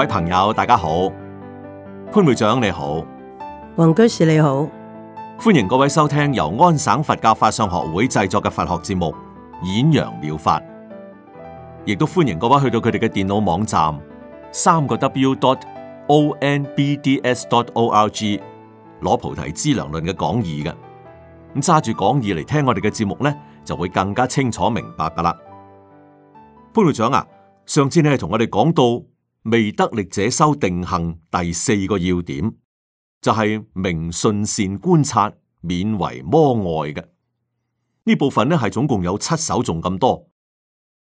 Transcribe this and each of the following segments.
各位朋友，大家好，潘會長你好，王居士你好，歡迎各位收聽由安省佛教法相學會製作嘅佛學節目《演揚妙法》，亦都歡迎各位去到佢哋嘅電腦網站三個 W dot O N B D S dot O R G 攞菩提資糧論嘅講義嘅，咁揸住講義嚟聽我哋嘅節目咧，就會更加清楚明白噶啦。潘會長啊，上次你係同我哋講到。未得力者修定行，第四個要點就係、是、明信善觀察，勉為魔外嘅。呢部分咧係總共有七首，仲咁多。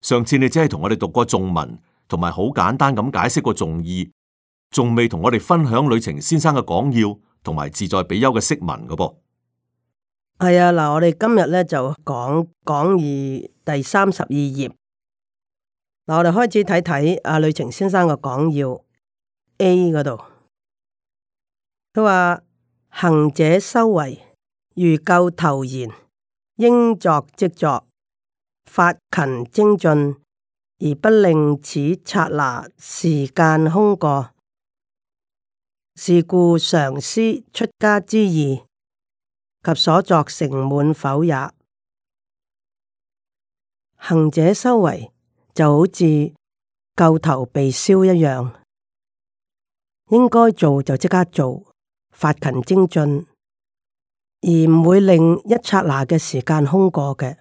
上次你只係同我哋讀過眾文，同埋好簡單咁解釋過眾義，仲未同我哋分享呂澂先生嘅講要，同埋自在比丘嘅釋文嘅噃。係啊，嗱，我哋今日咧就講講義第三十二頁。我哋開始睇睇阿呂程先生嘅講要 A 嗰度，佢話，行者修為如救頭然，應作即作，發勤精進，而不令此剎那時間空過。是故常思出家之意及所作成滿否也。行者修為。就好似救頭被燒一樣，應該做就即刻做，發勤精進，而唔會令一剎那嘅時間空過嘅。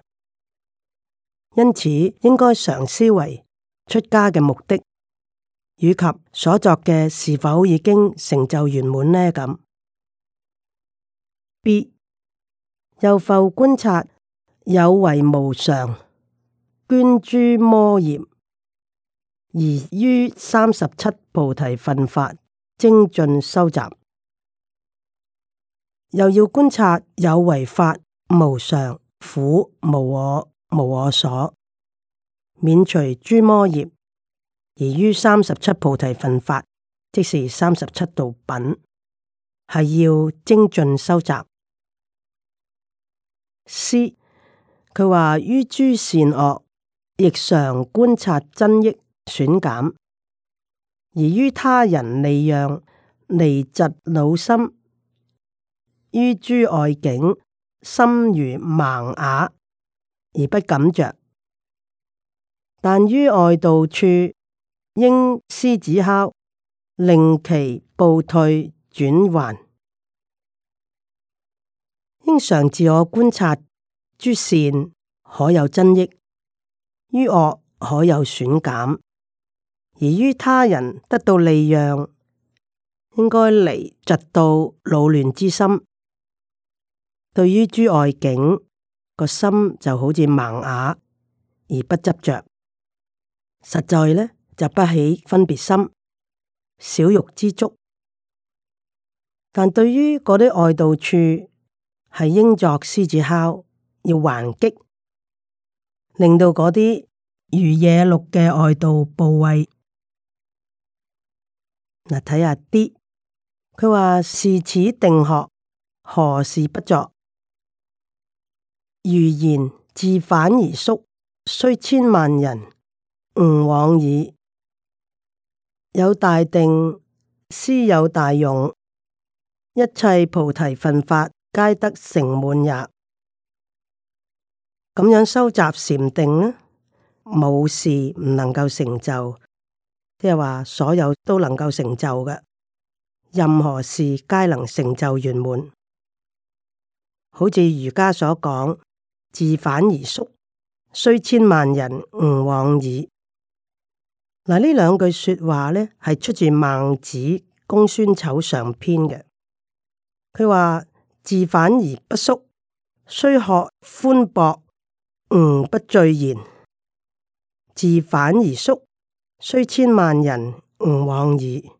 因此，應該常思維出家嘅目的，以及所作嘅是否已經成就圓滿呢？咁，b 又否觀察有為無常？捐諸魔業，而於三十七菩提分法精進修習，又要觀察有為法無常、苦、無我、無我所，免除諸魔業，而於三十七菩提分法，即是三十七道品，係要精進修習。思，佢話於諸善惡。亦常觀察真益損減，而於他人利讓利疾，老心於諸外境，心如盲啞，而不敢着。但於外道處，應獅子吼，令其步退轉還。應常自我觀察諸善，可有真益？於惡可有損減，而於他人得到利讓，應該嚟窒到惱亂之心。對於諸外境個心就好似盲啞，而不執着。實在呢，就不起分別心，少欲知足。但對於嗰啲外道處，係應作獅子吼，要還擊。令到嗰啲如野鹿嘅外道部位，嗱睇下啲，佢話是此定學，何事不作？如言自反而縮，雖千萬人，吾往矣。有大定，斯有大用，一切菩提分法，皆得成滿也。咁樣收集禪定咧，冇事唔能夠成就，即係話所有都能夠成就嘅，任何事皆能成就圓滿。好似儒家所講，自反而縮，雖千萬人吾往矣。嗱，呢兩句說話呢，係出自孟子《公孫丑上篇》嘅。佢話自反而不縮，雖褐寬博。嗯，不贅言，自反而縮，雖千萬人吾往矣。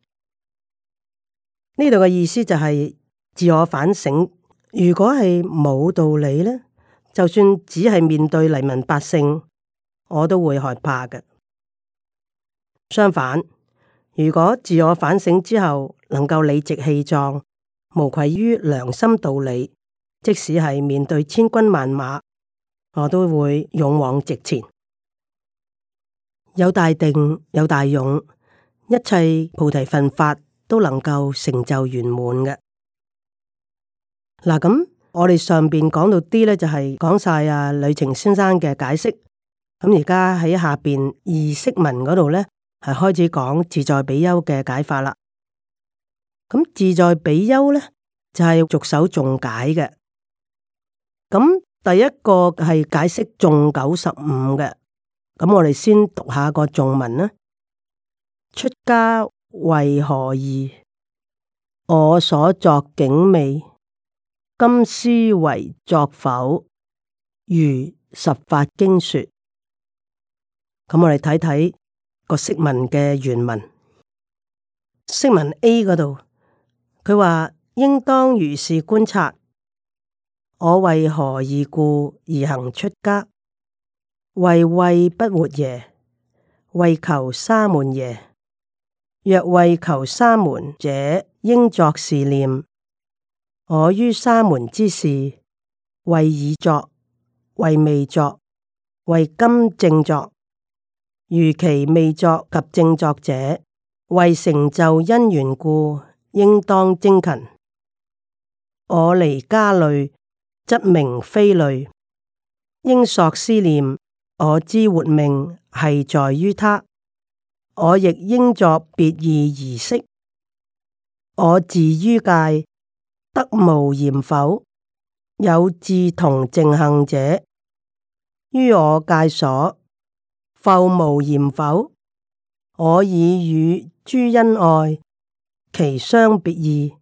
呢度嘅意思就係、是、自我反省。如果係冇道理咧，就算只係面對黎民百姓，我都會害怕嘅。相反，如果自我反省之後能夠理直氣壯，無愧於良心道理，即使係面對千軍萬馬。我都會勇往直前，有大定，有大勇，一切菩提分法都能夠成就圓滿嘅。嗱，咁我哋上邊講到啲咧，就係、是、講晒啊，呂程先生嘅解釋。咁而家喺下邊二釋文嗰度咧，係開始講自在比丘嘅解法啦。咁自在比丘咧，就係逐手仲解嘅。咁第一個係解釋頌九十五嘅，咁我哋先讀下個頌文啦。出家為何義？我所作竟未，今思惟作否？如十法經說，咁我哋睇睇個釋文嘅原文。釋文 A 嗰度，佢話應當如是觀察。我為何而故而行出家？為畏不活耶？為求沙門耶？若為求沙門者，應作是念：我於沙門之事，為已作，為未作，為今正作。如其未作及正作者，為成就因緣故，應當精勤。我離家累。則名非類應索思念，我之活命繫在於他，我亦應作別意儀式。我自於戒得無嫌否？有智同正行者於我戒所，否無嫌否？我已與諸恩愛其相別異，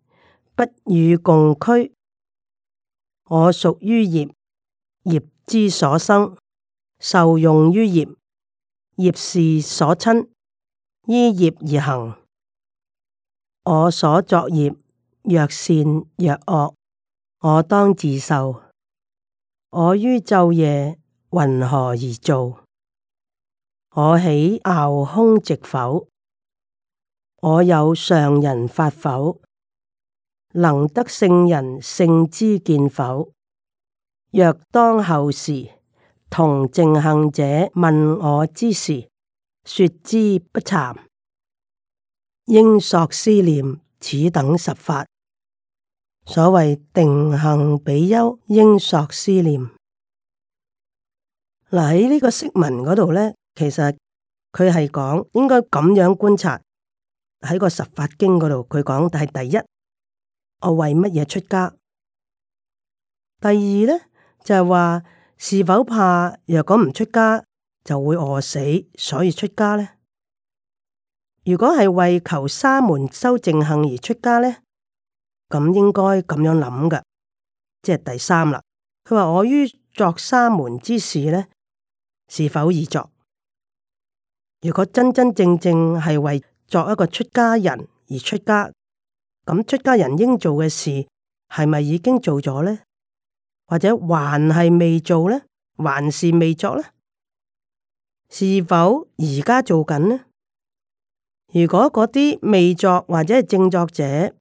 不與共居。我屬於業，業之所生，受用於業，業是所親，依業而行。我所作業若善若惡，我當自受。我於晝夜云何而造？我喜傲空直否？我有上人法否？能得聖人聖知見否？若當後時，同正行者問我之時，說之不慚，應索思念此等十法。所謂定行比丘應索思念。嗱、啊、喺呢個釋文嗰度咧，其實佢係講應該咁樣觀察。喺個十法經嗰度，佢講嘅係第一。我為乜嘢出家？第二呢，就係、是、話是否怕若果唔出家就會餓死，所以出家呢？如果係為求沙門修正行而出家呢，咁應該咁樣諗噶，即係第三啦。佢話我於作沙門之事呢，是否易作？如果真真正正係為作一個出家人而出家，咁出家人應做嘅事係咪已經做咗呢？或者還係未做呢？還是未作呢？是否而家做緊呢？如果嗰啲未作或者係正作者，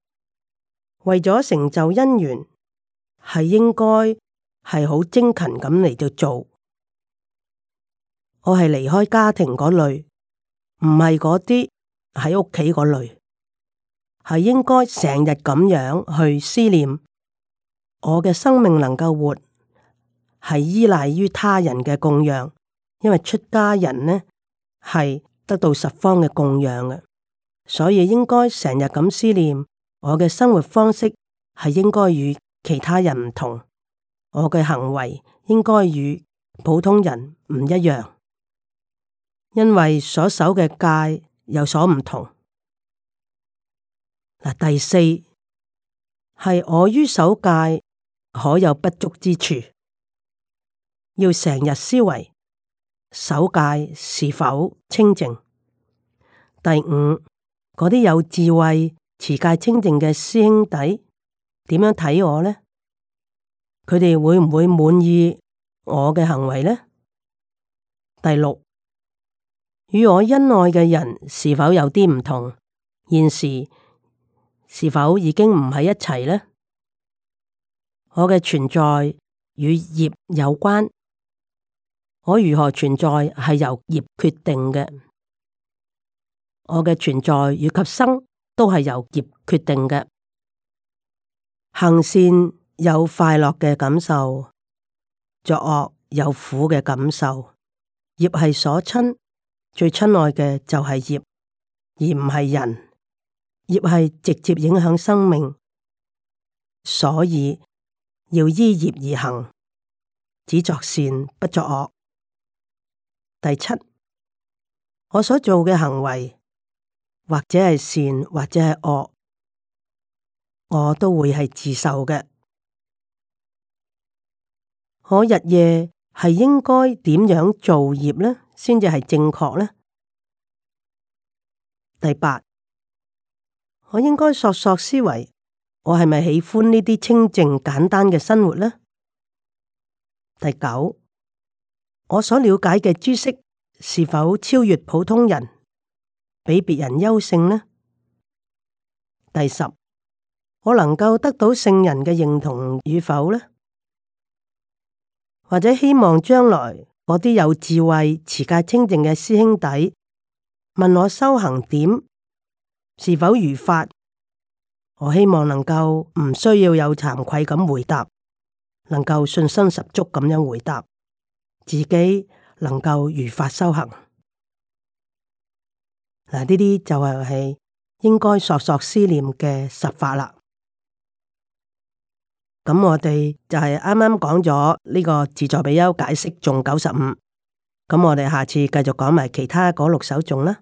為咗成就因緣，係應該係好精勤咁嚟到做。我係離開家庭嗰類，唔係嗰啲喺屋企嗰類。係應該成日咁樣去思念，我嘅生命能夠活係依賴於他人嘅供養，因為出家人呢係得到十方嘅供養嘅，所以應該成日咁思念。我嘅生活方式係應該與其他人唔同，我嘅行為應該與普通人唔一樣，因為所守嘅戒有所唔同。第四，係我於守戒可有不足之處？要成日思維守戒是否清淨？第五，嗰啲有智慧持戒清淨嘅師兄弟點樣睇我咧？佢哋會唔會滿意我嘅行為咧？第六，與我恩愛嘅人是否有啲唔同？現時。是否已經唔喺一齊呢？我嘅存在與業有關，我如何存在係由業決定嘅。我嘅存在與及生都係由業決定嘅。行善有快樂嘅感受，作惡有苦嘅感受。業係所親，最親愛嘅就係業，而唔係人。業係直接影響生命，所以要依業而行，只作善不作惡。第七，我所做嘅行為或者係善或者係惡，我都會係自受嘅。我日夜係應該點樣做業呢？先至係正確呢？第八。我應該索索思維，我係咪喜歡呢啲清靜簡單嘅生活呢？第九，我所了解嘅知識是否超越普通人，比別人優勝呢？第十，我能夠得到聖人嘅認同與否呢？或者希望將來我啲有智慧持戒清淨嘅師兄弟問我修行點？是否如法？我希望能夠唔需要有慚愧咁回答，能夠信心十足咁樣回答自己，能夠如法修行。嗱，呢啲就係係應該索索思念嘅實法啦。咁我哋就係啱啱講咗呢個自助比丘解釋頌九十五，咁我哋下次繼續講埋其他嗰六首頌啦。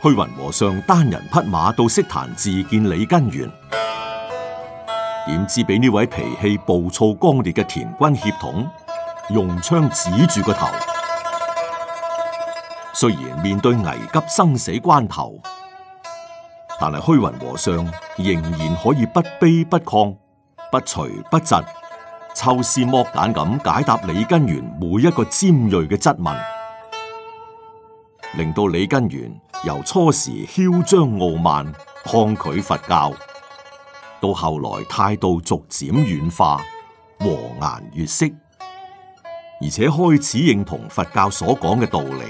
虛雲和尚單人匹馬到色壇自見李根源。點知俾呢位脾氣暴躁剛烈嘅田軍協統用槍指住個頭。雖然面對危急生死關頭，但係虛雲和尚仍然可以不卑不亢、不隨不疾、抽絲剝繭咁解答李根源每一個尖銳嘅質問，令到李根源。由初時囂張傲慢抗拒佛教，到後來態度逐漸軟化，和顏悦色，而且開始認同佛教所講嘅道理，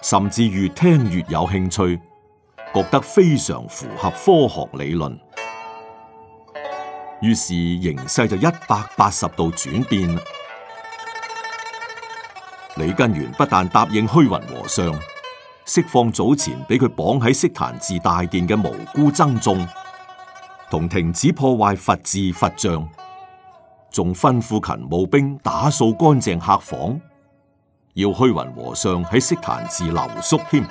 甚至越聽越有興趣，覺得非常符合科學理論。於是形勢就一百八十度轉變。李根源不但答應虛雲和尚。釋放早前俾佢綁喺色壇寺大殿嘅無辜僧眾，同停止破壞佛寺佛像，仲吩咐勤務兵打掃乾淨客房，要虛雲和尚喺色壇寺留宿添。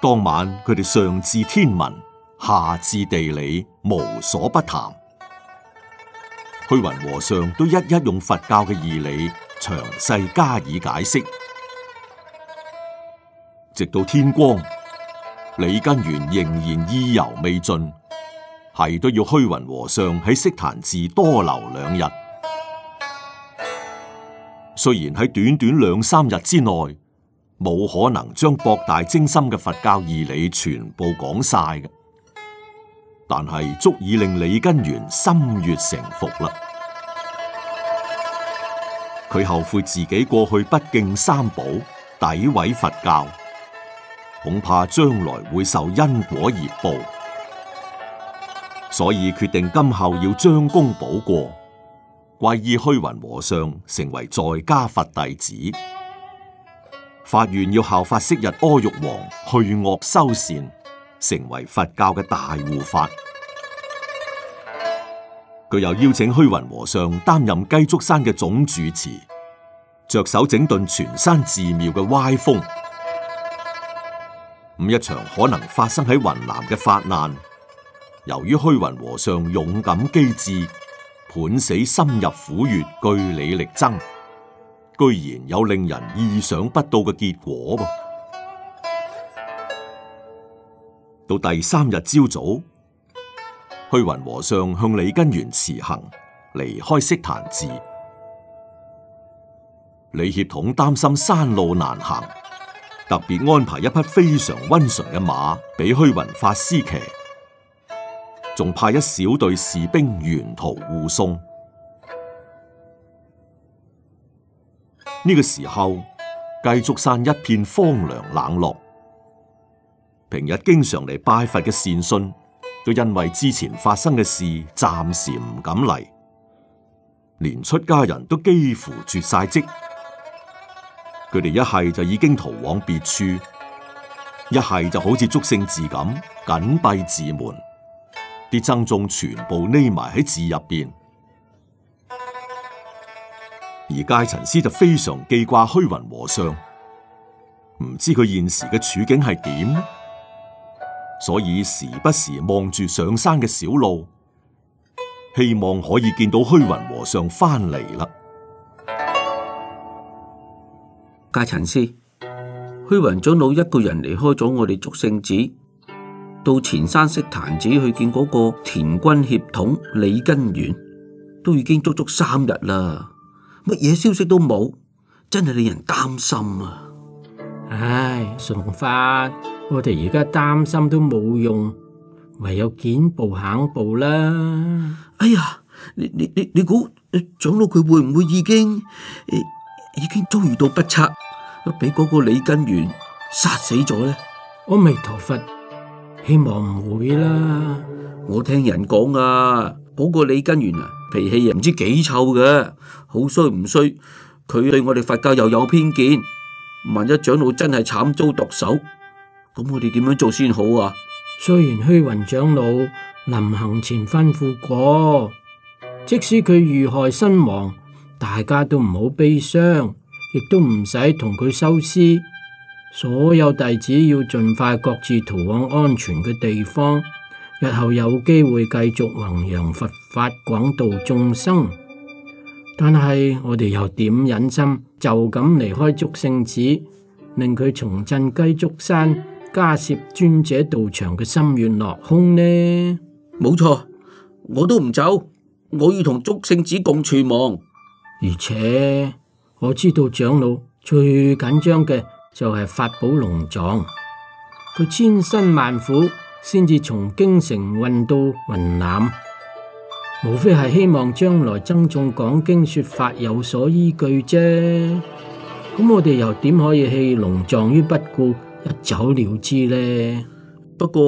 當晚佢哋上至天文，下至地理，無所不談。虛雲和尚都一一用佛教嘅義理詳細加以解釋。直到天光，李根源仍然意猶未盡，係都要虛雲和尚喺悉檀寺多留兩日。雖然喺短短兩三日之內，冇可能將博大精深嘅佛教義理全部講晒嘅，但係足以令李根源心悦誠服啦。佢後悔自己過去不敬三寶，詆毀佛教。恐怕將來會受因果而報，所以決定今後要將功補過，皈依虛雲和尚成為在家佛弟子，發願要效法昔日阿育王，去惡修善，成為佛教嘅大護法。佢又邀請虛雲和尚擔任雞足山嘅總住持，着手整頓全山寺廟嘅歪風。咁一場可能發生喺雲南嘅法難，由於虛雲和尚勇敢機智，拚死深入虎穴，據理力爭，居然有令人意想不到嘅結果噃。到第三日朝早，虛雲和尚向李根源辭行，離開悉檀寺。李協統擔心山路難行。特別安排一匹非常溫順嘅馬俾虛雲法師騎，仲派一小隊士兵沿途護送。呢、這個時候，雞足山一片荒涼冷落。平日經常嚟拜佛嘅善信，都因為之前發生嘅事，暫時唔敢嚟。連出家人都幾乎絕晒跡。佢哋一係就已經逃往別處，一係就好似祝聖寺咁緊閉寺門，啲僧眾全部匿埋喺寺入邊。而戒塵師就非常記掛虛雲和尚，唔知佢現時嘅處境係點，所以時不時望住上山嘅小路，希望可以見到虛雲和尚翻嚟啦。戒塵師，虛雲長老一個人離開咗我哋祝聖寺，到前山悉檀寺去見嗰個滇軍協統李根源，都已經足足三日啦，乜嘢消息都冇，真係令人擔心啊！唉，順發，我哋而家擔心都冇用，唯有見步行步啦。哎呀，你你你你估長老佢會唔會已經？已經遭遇到不測，俾嗰個李根源殺死咗咧。阿彌陀佛，希望唔會啦。我聽人講啊，嗰、那個李根源啊，脾氣又唔知幾臭嘅，好衰唔衰。佢對我哋佛教又有偏見，萬一長老真係慘遭毒手，咁我哋點樣做先好啊？雖然虛雲長老臨行前吩咐過，即使佢遇害身亡。大家都唔好悲傷，亦都唔使同佢收屍。所有弟子要盡快各自逃往安全嘅地方。日後有機會繼續弘揚佛法，廣度眾生。但係我哋又點忍心就咁離開祝聖寺，令佢重振雞足山迦葉尊者道場嘅心願落空呢？冇錯，我都唔走，我要同祝聖寺共存亡。而且我知道長老最緊張嘅就係法寶龍藏，佢千辛萬苦先至從京城運到雲南，無非係希望將來僧眾講經說法有所依據啫。咁我哋又點可以棄龍藏於不顧，一走了之呢？不過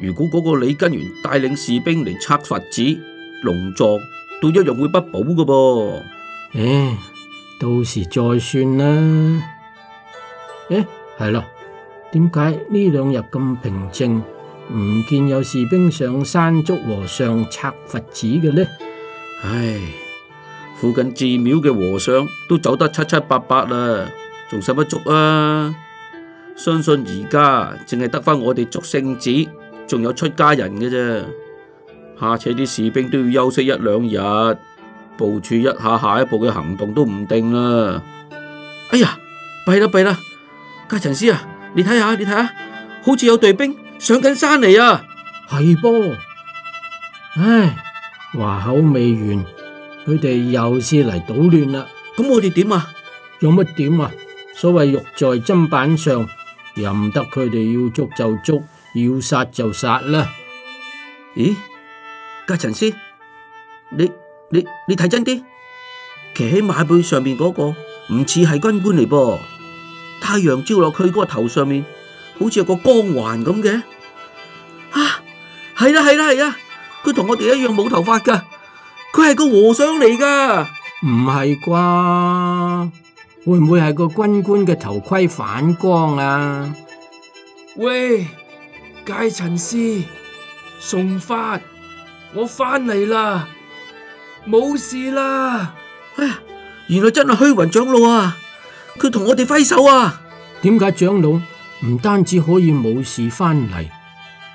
如果嗰個李根源帶領士兵嚟拆佛寺，龍藏，都一樣會不保㗎噃。唉、欸，到時再算啦。唉、欸，係啦，點解呢兩日咁平靜，唔見有士兵上山捉和尚拆佛寺嘅呢？唉，附近寺廟嘅和尚都走得七七八八啦，仲使乜捉啊？相信而家淨係得翻我哋祝聖寺，仲有出家人嘅啫。怕且啲士兵都要休息一兩日。部署一下，下一步嘅行動都唔定啦。哎呀，弊啦弊啦，家陳師啊，你睇下你睇下，好似有隊兵上緊山嚟啊。係噃，唉，話口未完，佢哋又是嚟搗亂啦。咁我哋點啊？有乜點啊？所謂肉在砧板上，任得佢哋要捉就捉，要殺就殺啦。咦，家陳師，你？你你睇真啲，騎喺馬背上面嗰個唔似係軍官嚟噃，太陽照落佢嗰個頭上面，好似有個光環咁嘅。啊，係啦係啦係啊，佢同我哋一樣冇頭髮噶，佢係個和尚嚟噶，唔係啩？會唔會係個軍官嘅頭盔反光啊？喂，戒塵師，送發，我翻嚟啦！冇事啦！哎呀，原來真係虛雲長老啊！佢同我哋揮手啊！點解長老唔單止可以冇事翻嚟，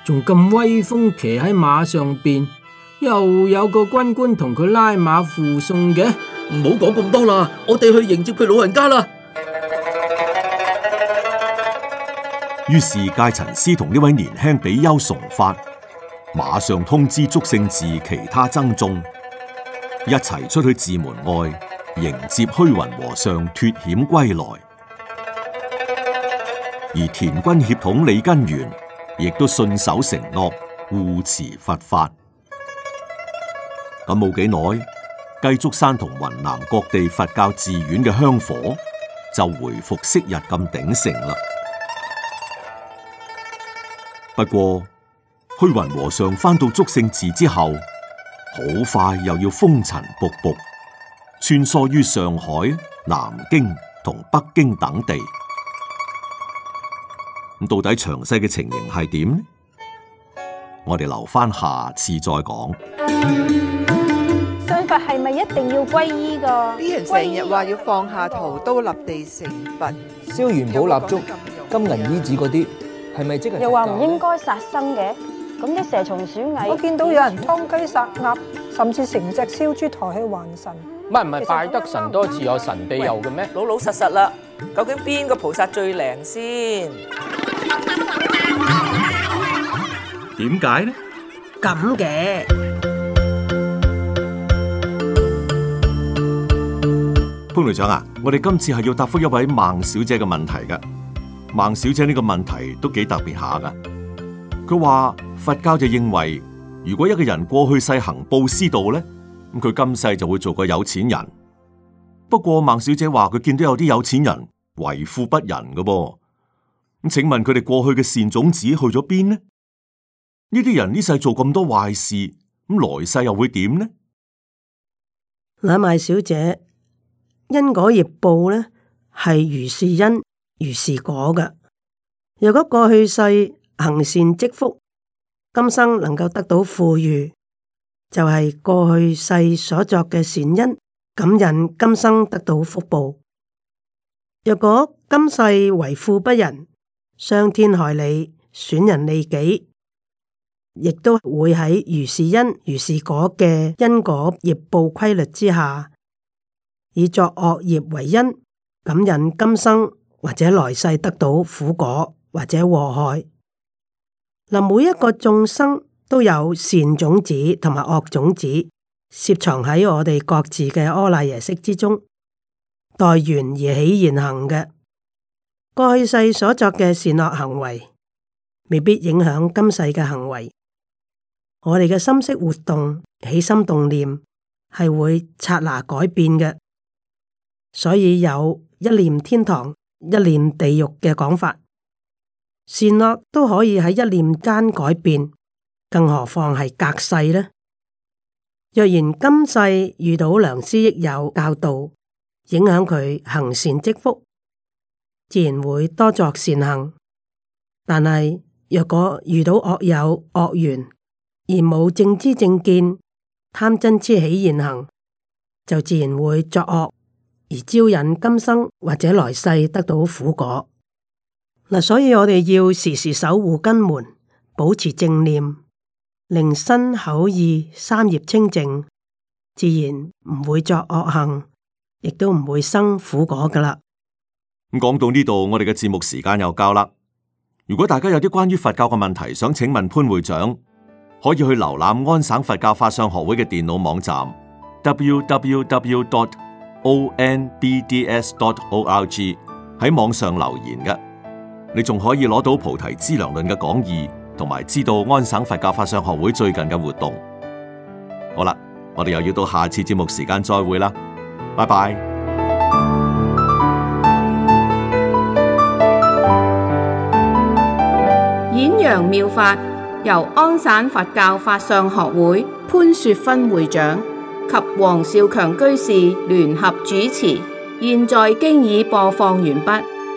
仲咁威風騎喺馬上邊，又有個軍官同佢拉馬護送嘅？唔好講咁多啦，我哋去迎接佢老人家啦！於是戒塵師同呢位年輕比丘崇發，馬上通知祝聖寺其他僧眾。一齊出去寺門外迎接虛雲和尚脫險歸來，而田軍協統李根源亦都信守承諾護持佛法沒多久。咁冇幾耐，雞足山同雲南各地佛教寺院嘅香火就恢復昔日咁鼎盛啦。不過，虛雲和尚翻到祝聖寺之後。好快又要風塵僕僕，穿梭於上海、南京同北京等地。咁到底詳細嘅情形係點呢？我哋留翻下，下次再講。信佛係咪一定要皈依噶？啲人成日話要放下屠刀立地成佛，燒元寶蠟燭、有有金銀衣子嗰啲，係咪即係？又話唔應該殺生嘅？咁啲蛇蟲鼠蟻，我見到有人劏雞殺鴨，甚至成隻燒豬抬起還神。唔係唔係，拜得神多自有神庇佑嘅咩？老老實實啦，究竟邊個菩薩最靈先？點解呢？咁嘅潘隊長啊，我哋今次係要答复一位孟小姐嘅問題噶。孟小姐呢個問題都幾特別下噶。佢話佛教就認為，如果一個人過去世行布施道咧，咁佢今世就會做個有錢人。不過孟小姐話佢見到有啲有錢人為富不仁噶噃。咁請問佢哋過去嘅善種子去咗邊呢？呢啲人呢世做咁多壞事，咁來世又會點呢？嗱，麥小姐，因果業報咧係如是因如是果嘅。如果過去世，行善積福，今生能夠得到富裕，就係、是、過去世所作嘅善因，感引今生得到福報。若果今世為富不仁，傷天害理，損人利己，亦都會喺如是因如是果嘅因果業報規律之下，以作惡業為因，感引今生或者來世得到苦果或者禍害。嗱，每一個眾生都有善種子同埋惡種子，攝藏喺我哋各自嘅阿賴耶識之中，待緣而起現行嘅。過去世所作嘅善惡行為，未必影響今世嘅行為。我哋嘅心識活動、起心動念係會剎那改變嘅，所以有一念天堂、一念地獄嘅講法。善惡都可以喺一念間改變，更何況係隔世呢？若然今世遇到良師益友教導，影響佢行善積福，自然會多作善行。但係若果遇到惡友惡緣，而冇正知正見，貪嗔痴起現行，就自然會作惡而招引今生或者來世得到苦果。所以我哋要時時守護根門，保持正念，令身口意三業清淨，自然唔會作惡行，亦都唔會生苦果噶啦。咁講到呢度，我哋嘅節目時間又夠啦。如果大家有啲關於佛教嘅問題，想請問潘會長，可以去瀏覽安省佛教法相學會嘅電腦網站 w w w dot o n b d s dot o r g 喺網上留言嘅。你仲可以攞到《菩提資糧論》嘅講義，同埋知道安省佛教法相學會最近嘅活動。好啦，我哋又要到下次節目時間再會啦，拜拜。演揚妙法由安省佛教法相學會潘雪芬會長及黃少強居士聯合主持，現在已經已播放完畢。